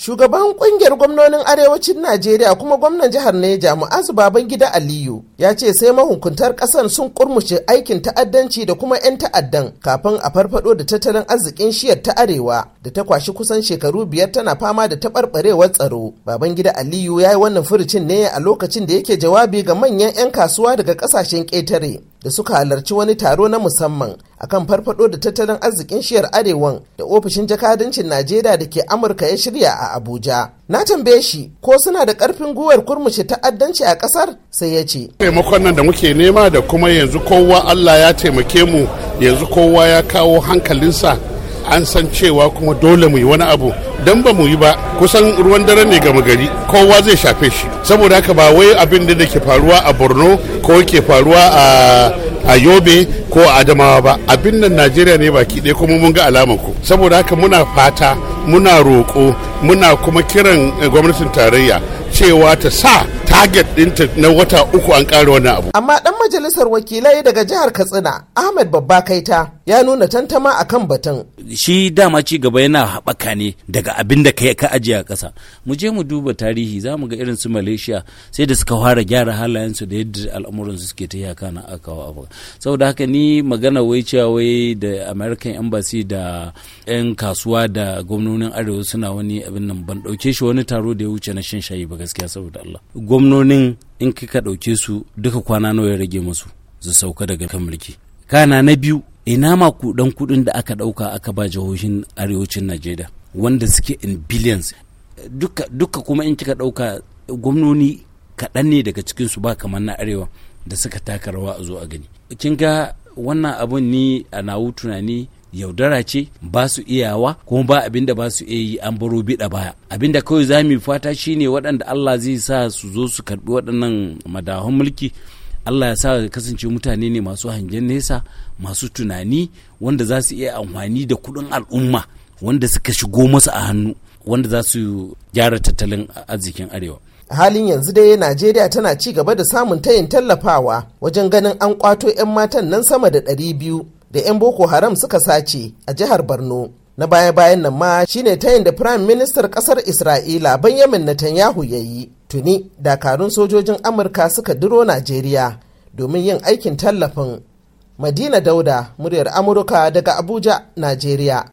Shugaban kungiyar gwamnonin arewacin Najeriya kuma gwamnan jihar Neja Mu'azu Babangida Aliyu ya ce sai mahukuntar ƙasar sun kurmushe aikin ta'addanci da kuma 'yan ta'addan kafin a farfado da tattalin arzikin shiyar ta arewa da ta kwashi kusan shekaru biyar tana fama da taɓarɓarewar tsaro. Babangida Aliyu ya yi wannan furucin ne a lokacin da yake jawabi ga manyan 'yan kasuwa daga ƙasashen ƙetare da suka halarci wani taro na musamman akan farfado da tattalin arzikin shiyar arewan da ofishin jakadancin najeriya da ke amurka ya shirya a abuja na tambaye shi ko suna da karfin guwar kurmushi ta'addanci a kasar sai ya ce taimakon nan da muke nema da kuma yanzu kowa allah ya taimake mu yanzu kowa ya kawo hankalinsa an san cewa kuma dole mu yi wani abu dan ba mu yi ba kusan ruwan dare ne gama gari kowa zai shafe shi saboda haka ba wai abin da ke faruwa a borno ko ke faruwa a a yobe ko a adamawa ba abin nan najeriya ne baki ɗaya kuma mun ga alamar ku saboda haka muna fata muna roƙo muna kuma kiran eh, gwamnatin tarayya cewa ta sa target ɗinta na wata uku an ƙara wani abu. Amma ɗan majalisar wakilai daga jihar Katsina Ahmed Babba Kaita ya nuna tantama a kan batun. Shi dama ci gaba yana haɓaka ne daga abin da ka ajiye a ƙasa. Mu je mu duba tarihi za mu ga irin su Malaysia sai da suka fara gyara halayensu da yadda al'amuransu suke ta yaka na akawa abu. Saboda haka ni magana wai cewa wai da American Embassy da 'yan kasuwa da gwamnonin Arewa suna wani abin nan ban ɗauke shi wani taro da ya wuce na shan shayi ba gaskiya saboda Allah. gwamnonin in kika ɗauke su duka kwana nawa ya rage musu su sauka daga kan mulki kana na biyu ina ma kudan kudin da aka ɗauka aka ba jihohin arewacin najeriya wanda suke in billions duka, duka kuma in kika ɗauka gwamnoni kaɗan ne daga cikin su ba kamar na arewa da suka taka rawa a zo a gani kin ga wannan abun ni a nawu tunani yaudara ce ba su iyawa kuma ba abin da ba su iya yi an baro biɗa baya abin da kawai za mu fata shine waɗanda Allah zai sa su zo su karɓi waɗannan madahun mulki Allah ya sa kasance mutane ne masu hangen nesa masu tunani wanda za su iya amfani da kuɗin al'umma wanda suka shigo masu a hannu wanda za su gyara tattalin arzikin arewa halin yanzu dai najeriya tana ci gaba da samun tayin tallafawa wajen ganin an kwato 'yan matan nan sama da 200 da 'yan boko haram suka sace a jihar borno na baya-bayan nan ma shine tayin da firayim ministar kasar isra'ila benjamin netanyahu ya yi tuni dakarun sojojin amurka suka duro najeriya domin yin aikin tallafin madina dauda muryar amurka daga abuja najeriya